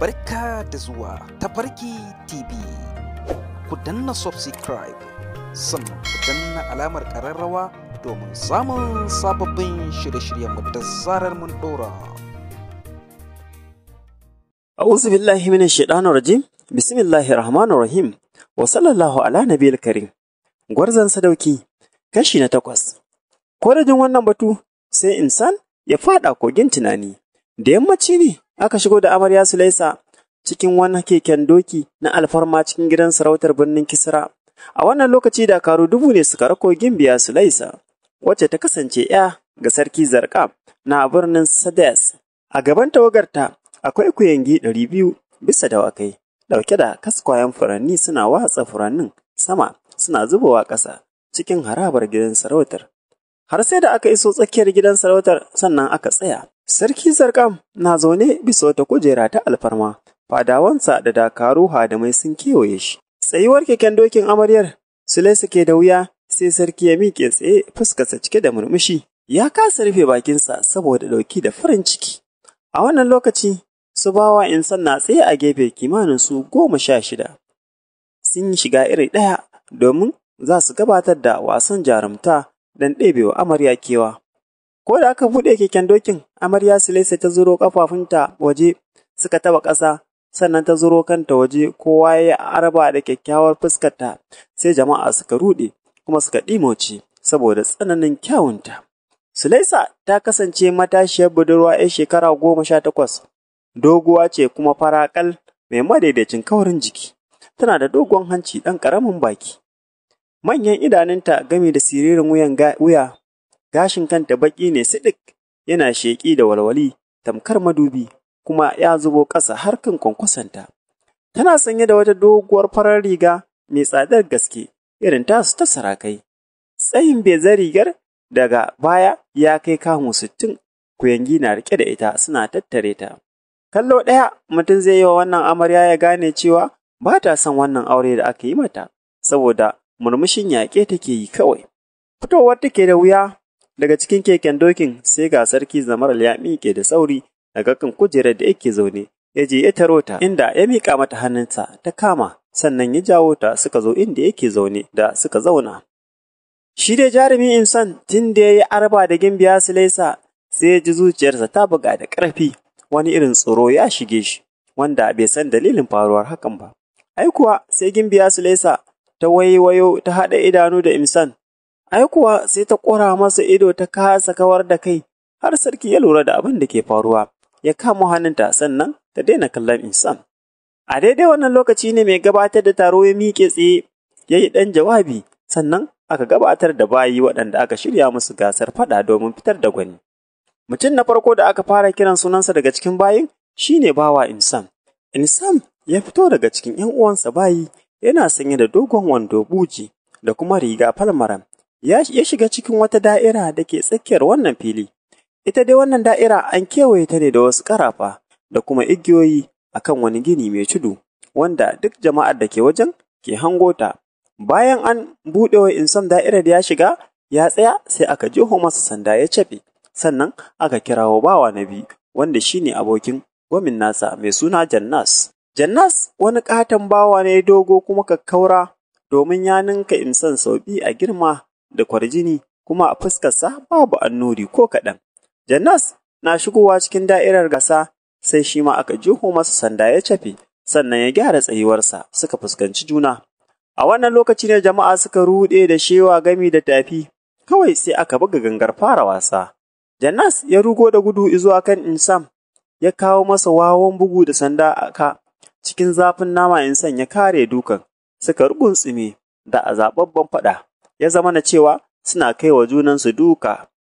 Barka da zuwa tafarki TV. Ku danna subscribe sannan ku danna alamar ƙararrawa domin samun sababbin shirye shiryen da zarar mun ɗora. A'udhu billahi minash shaitanir rajim. Bismillahir rahmanir rahim. Wa sallallahu ala nabiyil karim. Gwarzan sadauki kashi na takwas. jin wannan batu sai insan ya fada kogin tunani. Da yammaci ne aka shigo da amarya Sulaisa cikin wani keken doki na alfarma cikin gidan sarautar birnin Kisra. A wannan lokaci dakaru dubu ne suka rako gimbiya Sulaisa, wacce ta kasance ‘ya ga sarki Zarka na birnin Sades. A gaban tawagarta akwai kuyangi ɗari biyu bisa dawakai, ɗauke da kaskwayen furanni suna watsa furannin sama suna zubowa ƙasa cikin harabar gidan sarautar. har sai da aka iso tsakiyar gidan sarautar sannan aka tsaya. Sarki Zarkam na zaune bisa wata kujera ta alfarma, fadawansa da dakaru hadamai sun kewaye shi. Tsayuwar keken dokin amaryar, sule suke da wuya sai sarki ya miƙe tsaye fuskarsa cike da murmushi. Ya kasa rufe bakinsa saboda ɗauki da farin ciki. A wannan lokaci, su bawa insan na tsaye a gefe kimanin su goma sha shida. Sun yi shiga iri ɗaya domin za su gabatar da wasan jarumta don ɗebewa amarya kewa. Ko da aka buɗe keken dokin, amarya Silesa ta zuro ƙafafunta waje suka taɓa ƙasa, sannan ta zuro kanta waje kowa ya araba da kyakkyawar fuskarta, sai jama'a suka ruɗe kuma suka ɗimoce saboda tsananin kyawunta. Silesa ta kasance matashiyar budurwa 'yar shekara goma sha takwas, doguwa ce kuma faraƙal mai madaidaicin kawarin jiki, tana da dogon hanci ɗan ƙaramin baki, Manyan idanunta gami da siririn wuya, gashin kanta baki ne siɗik, yana sheƙi da walwali, tamkar madubi, kuma ya zubo ƙasa har kan kwankwasanta. Tana sanye da wata doguwar farar riga mai tsadar gaske, irin tasu ta sarakai. Tsayin zan rigar daga baya ya kai kamu sittin, kuyangi na riƙe da ita suna tattare ta. Kallo ɗaya mutum zai yi wa wannan amarya ya gane cewa ba ta son wannan aure da aka yi mata, saboda murmushin yaƙe take yi kawai. Fitowar take da wuya daga cikin keken dokin sai ga sarki zamaral ya miƙe da sauri daga kan kujerar da yake zaune ya je ya taro ta inda ya miƙa mata hannunsa ta kama sannan ya jawo ta suka zo inda yake zaune da suka zauna. Shi dai jarumi insan tun da ya yi arba da gimbiya silaisa sai ya ji zuciyarsa ta buga da ƙarfi wani irin tsoro ya shige shi wanda bai san dalilin faruwar hakan ba. Ai kuwa sai gimbiya silaisa ta waiwayo ta haɗa idanu da Imsan, ai kuwa sai ta ƙora masa ido ta kasa kawar da kai, har sarki ya lura da abin da ke faruwa, ya kama hannunta sannan ta daina kallon Imsan. A daidai wannan lokaci ne mai gabatar da taro ya miƙe tsaye, ya yi ɗan jawabi, sannan aka gabatar da bayi waɗanda aka shirya musu gasar faɗa domin fitar da gwani. Mutum na farko da aka fara kiran sunansa daga cikin bayin shine bawa Insam. Insam ya fito daga cikin ‘yan uwansa bayi yana sanye da dogon wando buji da kuma riga falmaram. Ya shiga cikin wata da'ira da ke tsakiyar wannan fili. Ita dai wannan da'ira an kewaye ta ne da wasu ƙarafa da kuma igiyoyi akan wani gini mai tudu, wanda duk jama'ar da ke wajen ke hango ta. Bayan an buɗe wa insan da'irar ya shiga, ya tsaya sai aka jiho masa sanda ya cafe, sannan aka kirawo bawa na biyu, wanda shine abokin gwamin nasa mai suna Jannas. Jannas wani ƙaton bawa ne dogo kuma kakkaura, domin ya ninka in sau sauƙi a girma da kwarjini, kuma a fuskarsa babu annuri ko kaɗan. Jannas na shigowa cikin da'irar gasa, sai shi ma aka jiho masa sanda ya cafe, sannan ya gyara tsayuwarsa suka fuskanci juna. A wannan lokaci ne jama'a suka ruɗe da shewa gami da tafi, kawai sai aka buga gangar fara wasa. Jannas ya rugo da gudu izuwa kan Insam, ya kawo masa wawon bugu da sanda ka. cikin zafin nama in sanya kare dukan, suka rugunsumi da a zababban faɗa, ya zama na cewa suna kai wa junansu duka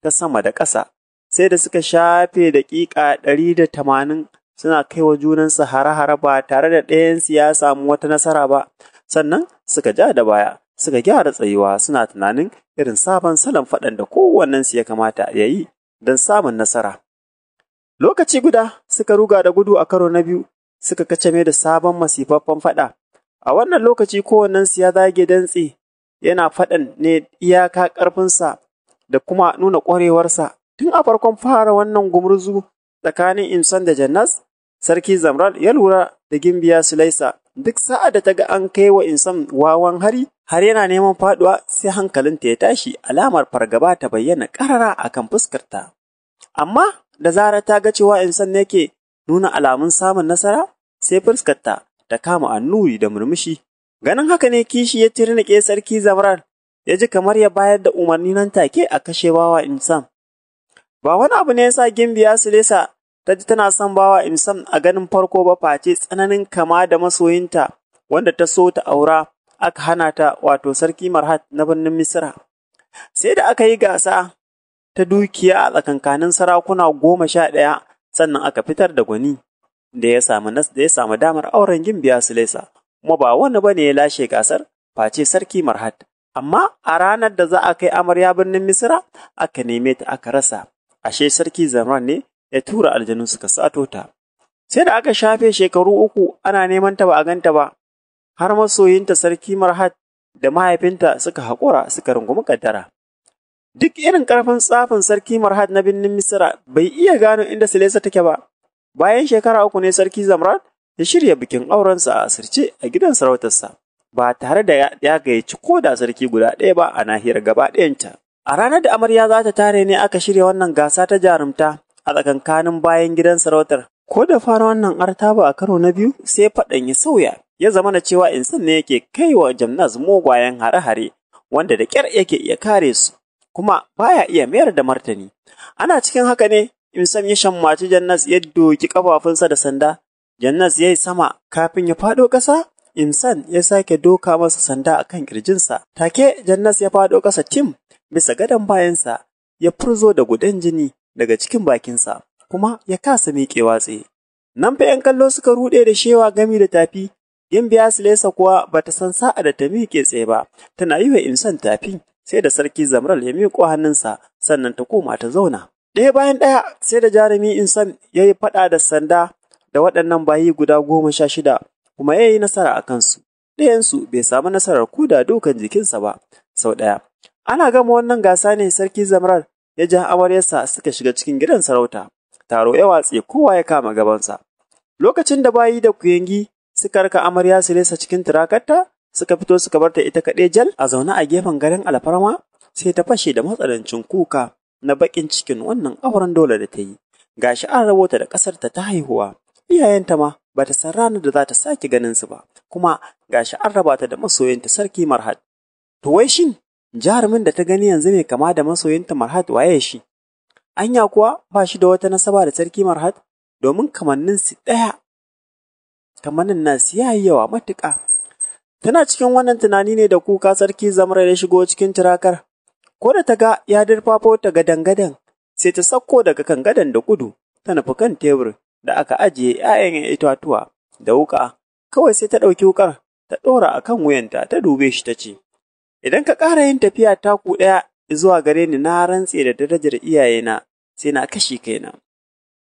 ta sama da ƙasa, sai da suka shafe daƙiƙa ɗari da tamanin suna kai wa junansu hare-hare ba tare da ɗayansu ya samu wata nasara ba, sannan suka ja da baya, suka gyara tsayuwa suna tunanin irin sabon salon faɗan da kowannensu ya kamata ya yi don samun nasara. Lokaci guda suka ruga da gudu a karo na biyu, suka kacame da sabon masifaffen faɗa. A wannan lokaci kowannensu ya zage dantse yana faɗan ne iyaka ƙarfinsa da kuma nuna ƙwarewarsa. Tun a farkon fara wannan gumurzu tsakanin Inson da Jannas, Sarki Zamral ya lura da Gimbiya Sulaisa. Duk sa'a da ta ga an kai wa Inson wawan hari, har yana neman faɗuwa sai hankalinta ya tashi alamar fargaba ta bayyana ƙarara a kan fuskarta. Amma da zarar ta ga cewa Inson ne ke nuna alamun samun nasara, sai fuskarta ta kama annuri da murmushi. Ganin haka ne kishi ya tirnike sarki Zamran, ya ji kamar ya bayar da umarni nan take a kashe bawa Imsam. Ba wani abu ne ya sa Gimbiya Sulesa ta ji tana son bawa Imsam a ganin farko ba face tsananin kama da masoyinta wanda ta so ta aura aka hana ta wato sarki Marhat na birnin Misira. Sai da aka yi gasa ta dukiya a tsakankanin sarakuna goma sha ɗaya sannan aka fitar da gwani. da ya samu nas da ya samu damar auren gimbiya Sulesa, kuma ba wani ne ya lashe gasar face sarki Marhat. Amma a ranar da za a kai amarya birnin Misira, aka neme ta aka rasa, ashe sarki Zamran ne ya tura aljanu suka sato ta. Sai da aka shafe shekaru uku ana neman ta ba a ganta ba, har masoyinta sarki Marhat da mahaifinta suka haƙura suka rungumi kaddara. Duk irin ƙarfin tsafin sarki Marhat na birnin Misira bai iya gano inda Silesa take ba, Bayan shekara uku ne Sarki Zamran ya shirya bikin aurensa a asirce a gidan sarautarsa, ba tare da ya gayyaci ko da sarki guda ɗaya ba a nahiyar gaba ɗayanta. A ranar da amarya za ta tare ne aka shirya wannan gasa ta jarumta a tsakankanin bayan gidan sarautar. Ko da fara wannan artaba a karo na biyu sai faɗan ya sauya, ya zama na cewa in san ne yake kai wa jamnaz mugwayen hare-hare wanda da ƙyar yake iya kare su, kuma baya iya mayar da martani. Ana cikin haka ne In Imsam ya shammaci Jannas ya doki ƙafafunsa da sanda, Jannas ya yi sama kafin ya faɗo ƙasa, Imsan ya sake doka masa sanda a kan ƙirjinsa. Take Jannas ya faɗo ƙasa tim bisa gadon bayansa, ya furzo da gudan jini daga cikin bakinsa, kuma ya kasa miƙewa tsaye. Nan fa ‘yan kallo suka ruɗe da shewa gami da tafi, Gimbiya Silesa kuwa ba ta san sa'a da ta miƙe tsaye ba, tana yi wa Imsan tafi, sai da sarki Zamral ya miƙo hannunsa, sannan ta koma ta zauna. Ɗaya bayan ɗaya sai da jarumi Insan ya yi faɗa da sanda da waɗannan bayi guda goma sha shida kuma ya yi nasara a kansu. Ɗayansu bai samu nasarar kuda dukan jikinsa ba sau ɗaya. Ana gama wannan gasa ne sarki Zamrar ya ja amaryarsa suka shiga cikin gidan sarauta. Taro ya watse kowa ya kama gabansa. Lokacin da bayi da kuyangi suka raka amarya su resa cikin turakarta suka fito suka bar ita kaɗai jal a zaune a gefen garin alfarma sai ta fashe da matsanancin kuka. na baƙin cikin wannan auren dole da ta yi, gashi an rabota da ƙasarta ta haihuwa, iyayenta ma ba ta san ranar da za ta sake su ba, kuma gashi an raba ta da masoyinta sarki Marhat. To wai shin jarumin da ta gani yanzu ne kama da masoyinta Marhat waye shi? Anya kuwa ba shi da wata nasaba da sarki Marhat domin kamannin su ɗaya. Kamannin nasu ya yi yawa matuƙa. Tana cikin wannan tunani ne da kuka sarki Zamra ya shigo cikin tirakar Ko da ta ga ya dirfafo ta gadan-gadan, sai ta sauko daga kan gadan da kudu ta nufi kan tebur da aka ajiye ‘ya'yan itatuwa da wuƙa. Kawai sai ta ɗauki wuƙar, ta ɗora a kan wuyanta, ta dube shi ta ce, Idan ka ƙara yin tafiya taku ɗaya zuwa gare ni na rantse da darajar iyayena, sai na kashe kaina.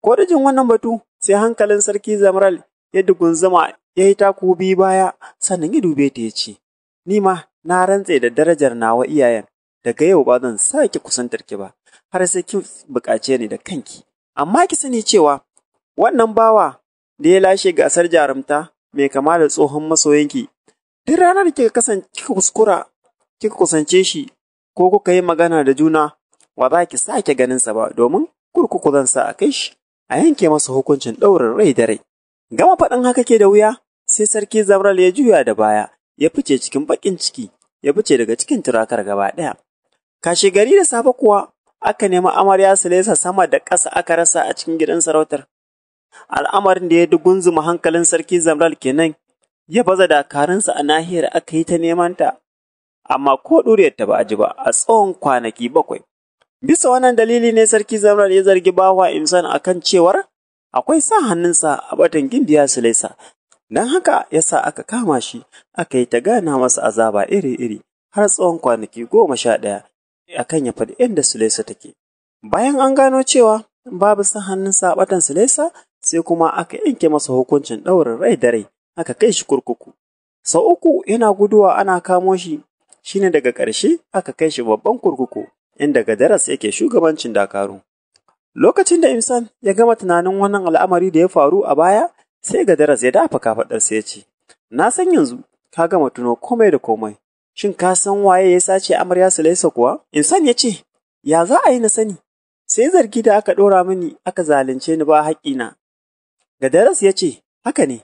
Ko da jin wannan batu, sai hankalin sarki Zamral ya zama ya yi taku biyu baya, sannan ya dube ta ya ce, Ni ma na rantse da darajar nawa iyayen, daga yau ba zan sake kusantar ki ba, har sai ki buƙace ni da kanki. Amma ki sani cewa wannan bawa da ya lashe gasar jarumta mai kama da tsohon masoyinki, duk ranar kika kika kuskura kika kusance shi ko kuka yi magana da juna, wa za ki sake sa ba domin kurkuku zan sa a kai shi a yanke masa hukuncin ɗaurin rai da rai. Gama faɗin haka ke da wuya, sai sarki Zamral ya juya da baya, ya fice cikin baƙin ciki, ya fice daga cikin turakar gaba ɗaya. Kashe gari da safe kuwa aka nemi amarya su lesa sama da ƙasa aka rasa a cikin gidan sarautar. Al'amarin da ya dugunzuma hankalin sarki Zamral kenan ya baza dakarunsa a nahiyar aka yi ta nemanta, amma ko ta ba a ji ba a tsawon kwanaki bakwai. Bisa wannan dalili ne sarki Zamral ya zargi bawa Imsan akan cewar akwai sa hannunsa a batan su Silesa, don haka ya sa aka kama shi aka yi ta gana masa azaba iri-iri har tsawon kwanaki goma sha ɗaya akan ya faɗi inda Sulesa take. Bayan an gano cewa babu san hannun sabatan Sulesa sai kuma aka yanke masa hukuncin ɗaurin rai da rai aka kai shi kurkuku. Sau uku yana guduwa ana kamo shi shine daga ƙarshe aka kai shi babban kurkuku inda Gadaras yake shugabancin Dakaru. Lokacin da Imsan ya gama tunanin wannan al'amari da ya faru a baya sai Gadaras ya dafa kafaɗarsa ya ce, Na san yanzu ka gama tuno komai da komai shin ka san waye ya sace amarya Sulaisa kuwa? Insan ya ce, ya za a yi na sani, sai zargi da aka ɗora mini aka zalunce ni ba Ga Gadaras ya ce, haka ne,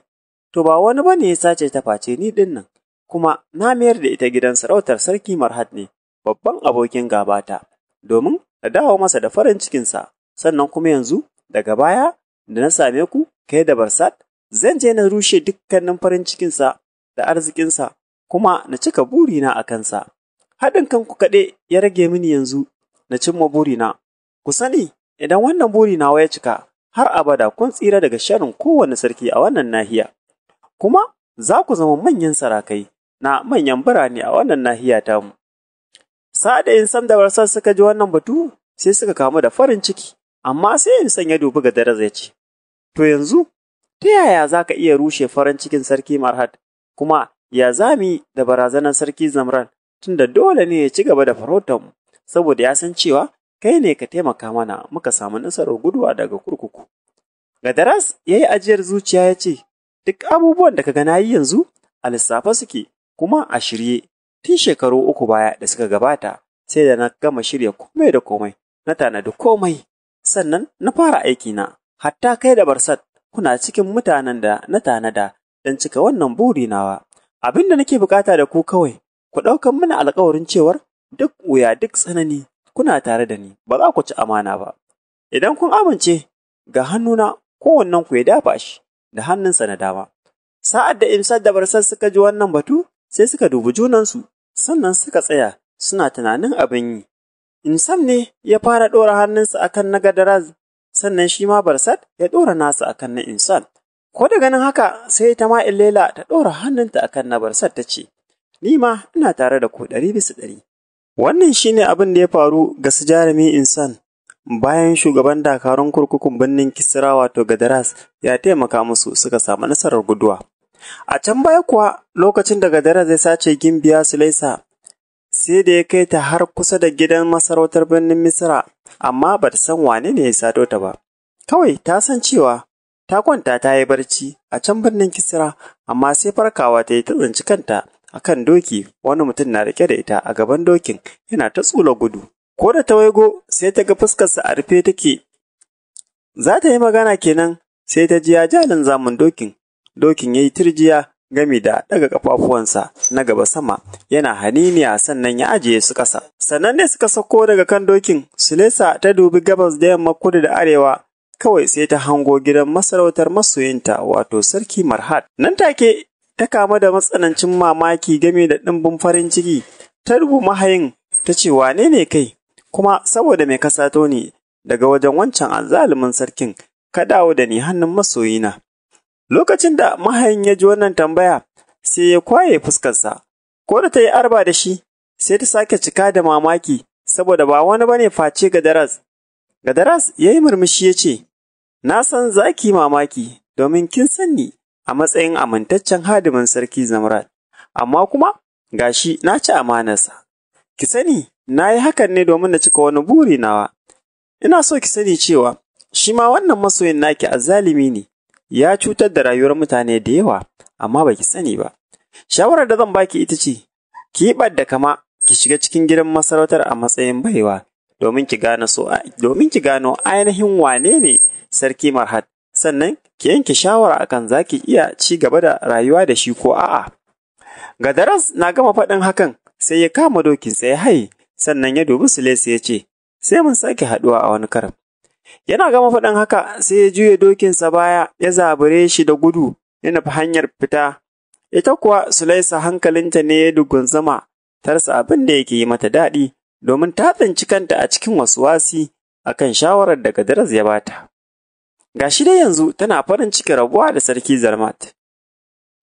to ba wani ba ne ya sace ta face ni ɗin nan, kuma na mayar da ita gidan sarautar sarki Marhat ne, babban abokin gabata, domin na dawo masa da farin cikinsa, sannan kuma yanzu daga baya da na same ku kai da Barsat, zan je na rushe dukkanin farin cikinsa da arzikinsa kuma na cika burina a kansa. Haɗin kanku kaɗai ya rage mini yanzu na cimma burina. Ku sani, idan wannan buri wa ya cika, har abada kun tsira daga sharin kowane sarki a wannan nahiya. Kuma za ku zama manyan sarakai na manyan birane a wannan nahiya ta mu Sa'ad in san da warsa suka ji wannan batu, sai suka kamu da farin ciki, amma sai in san ya dubi ga daraza ya ce, To yanzu, ta yaya za ka iya rushe farin cikin sarki marhad kuma ya zami da barazanar sarki Zamran tunda dole ne ya ci gaba da mu saboda ya san cewa kai ne ka taimaka mana muka samu nasarar guduwa daga kurkuku. Gadaras ya yi ajiyar zuciya ya ce, Duk abubuwan da ka gana yi yanzu a lissafa suke kuma a shirye tun shekaru uku baya da suka gabata sai da na gama shirya komai da komai na tanadi komai sannan na fara aiki na. hatta kai da barsat kuna cikin mutanen da na tanada don cika wannan buri nawa. Abin da nake bukata da ku kawai, ku ɗaukan mana alkawarin cewar duk wuya duk tsanani kuna tare da ni, ba za ku ci amana ba. Idan kun amince, ga hannuna kowannen ku ya dafa shi da hannunsa na dama. Sa'ad da imsar da Barsar suka ji wannan batu, sai suka dubi junansu, sannan suka tsaya suna tunanin abin yi. Imsar ne ya fara ɗora hannunsa akan na gadara, sannan shi ma Barsad ya ɗora nasa akan na insal. Ko da ganin haka sai ta ma Lela ta ɗora hannunta a kan nabarsar ta ce, Ni ma ina tare da ku ɗari bisa ɗari. Wannan shi ne abin da ya faru ga su jarumi Insan bayan shugaban dakarun kurkukun birnin Kisra wato Gadaras ya taimaka musu suka samu nasarar guduwa. A can baya kuwa lokacin da Gadaras ya sace gimbiya su laisa, sai da ya kai ta har kusa da gidan masarautar birnin Misira, amma ba ta san wane ne ya sato ta ba. Kawai ta san cewa ta kwanta ta yi barci a can birnin kisira amma sai farkawa ta yi ta tsinci kanta a kan doki wani mutum na rike da ita a gaban dokin yana ta tsula gudu. Ko da ta waigo sai ta ga fuskarsa a rufe take. Za ta yi magana kenan sai ta ji ya jalin zamun dokin. Dokin ya yi turjiya gami da ɗaga kafafuwansa na gaba sama yana haniniya sannan ya ajiye su ƙasa. Sannan ne suka sauko daga kan dokin, Sulesa ta dubi gabas da yamma kudu da arewa kawai sai ta hango gidan masarautar masoyinta wato sarki Marhat. Nan take ta kama da matsanancin mamaki game da ɗimbin farin ciki, ta rubu mahayin ta ce wane ne kai, kuma saboda mai kasato ne daga wajen wancan azzalumin sarkin, ka dawo da ni hannun masoyina. Lokacin da mahayin ya ji wannan tambaya, sai ya kwaye fuskarsa, ko da ta yi arba da shi, sai ta sake cika da mamaki, saboda ba wani bane face ga daras. Gadaras ya yi murmushi ya ce, na san za ki mamaki domin kin san a matsayin amintaccen hadimin sarki Zamrat, amma kuma gashi na ci amanarsa. Ki sani, na yi hakan ne domin na cika wani buri nawa. Ina so ki sani cewa shi ma wannan masoyin naki azzalimi ne, ya cutar da rayuwar mutane da yawa, amma ba ki sani ba. Shawarar da zan baki ita ce, ki da kama ki shiga cikin gidan masarautar a matsayin baiwa, domin ki gano ainihin wane ne Sarki Marhat, sannan ki yanke shawara akan zaki iya ci gaba da rayuwa da shi ko a'a. Ga daras na gama faɗin hakan sai ya kama dokin sai ya hai sannan ya dubi Silesi ya ce, sai mun sake haɗuwa a wani karam. Yana gama faɗin haka sai ya juya dokinsa baya ya zabure shi da gudu ya nufi hanyar fita. Ita kuwa Sulaisa hankalinta ne ya dugunzama tarsa abin da yake yi mata daɗi domin ta tsinci kanta a cikin wasu wasi akan shawarar da Gadaras ya bata. Ga shi dai yanzu tana farin ciki rabuwa da sarki Zarmat,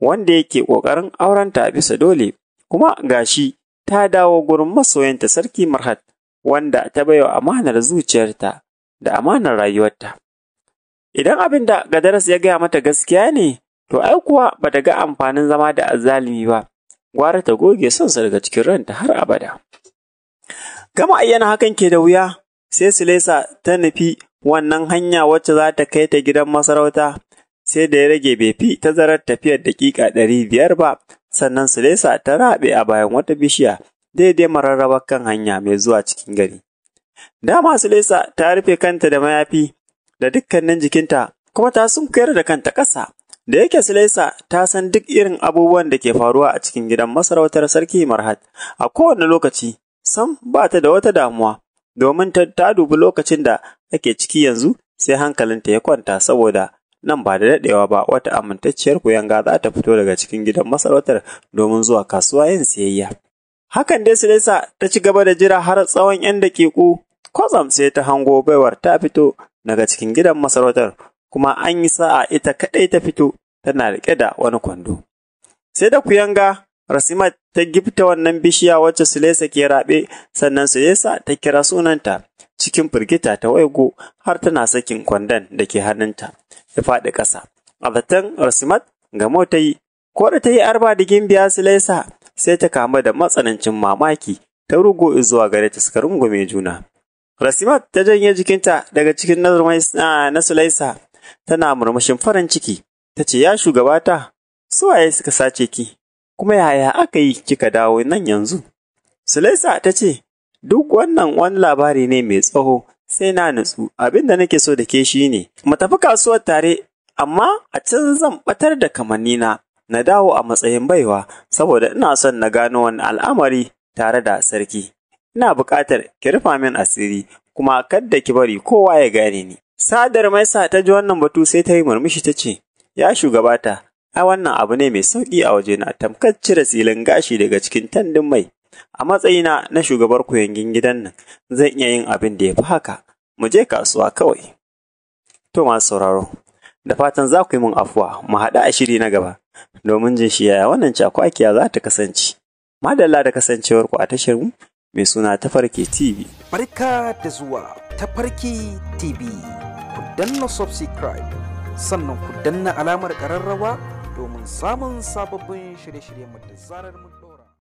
wanda yake ƙoƙarin aurenta bisa dole, kuma ga shi ta dawo gurin masoyanta sarki Marhat, wanda ta baiwa amanar zuciyarta da amanar rayuwarta. Idan abin da Gadaras ya gaya mata gaskiya ne, to ai kuwa ba ta ga amfanin zama da azalimi ba, gwara ta goge sonsa daga cikin ranta har abada. Gama ayyana hakan ke da wuya, sai Silesa ta nufi wannan hanya wacce za ta kai ta gidan masarauta sai da ya rage bai ta tazarar tafiyar daƙiƙa ɗari biyar ba sannan lesa ta raɓe a bayan wata bishiya daidai mararrabar kan hanya mai zuwa cikin gari. Dama lesa ta rufe kanta da mayafi da dukkanin jikinta kuma ta sunkuyar da kanta ƙasa. Da yake lesa ta san duk irin abubuwan da ke faruwa a cikin gidan masarautar Sarki Marhat a kowane lokaci, sam ba ta da wata damuwa, domin ta dubi lokacin da ke ciki yanzu sai hankalinta ya kwanta saboda nan ba da daɗewa ba wata amintacciyar kuyanga za ta fito daga cikin gidan masarautar domin zuwa kasuwa yin siyayya. Hakan dai Silesa ta ci gaba da jira har tsawon ‘yan daƙiƙu, kwatsam sai ta hango baiwar ta fito daga cikin gidan masarautar kuma an yi sa'a ita kaɗai ta fito tana riƙe da wani kwando. Sai da kuyanga Rasimat ta gifta wannan bishiya wacce Sulesa ke raɓe, sannan Sulesa ta kira sunanta cikin firgita ta waigo har tana sakin kwandon da ke hannunta, ya faɗi ƙasa. A zaton Rasimat gamo ta yi, ko da ta yi arba da gimbiya Sulesa sai ta kama da matsanancin mamaki ta rugo zuwa gare ta suka rungume juna. Rasimat ta janye jikinta daga cikin na Sulaisa tana murmushin farin ciki, ta ce, Ya shugabata, suwaye suka sace ki? kuma yaya aka yi kika dawo nan yanzu? Sulaisa ta ce, Duk wannan wani labari ne mai tsaho, sai na nutsu, abin da nake so da ke shi ne, mu tafi kasuwar tare, amma a can zan ɓatar da kamannina, na dawo a matsayin baiwa, saboda ina son na gano wani al'amari tare da sarki. Ina buƙatar ki rufa min asiri, kuma kadda ki bari kowa ya gane ni. Sadar Maisa ta ji wannan batu sai ta yi murmushi ta ce, Ya shugabata, a wannan abu ne mai sauƙi a waje na tamkar cire silin gashi daga cikin tandin mai. A matsayina na shugabar kuyangin gidan nan, zan iya yin abin da ya fi haka, mu je kasuwa kawai. To masu sauraro, da fatan za ku yi min afuwa, mu haɗu a shiri na gaba, domin jin shi yaya wannan cakwakiya za ta kasance. Madalla da kasancewar ku a tashar mu, mai suna Tafarki TV. Barka da zuwa Tafarki TV, ku danna subscribe, sannan ku danna alamar ƙararrawa samun sababbin shirye shiryen da zarar mu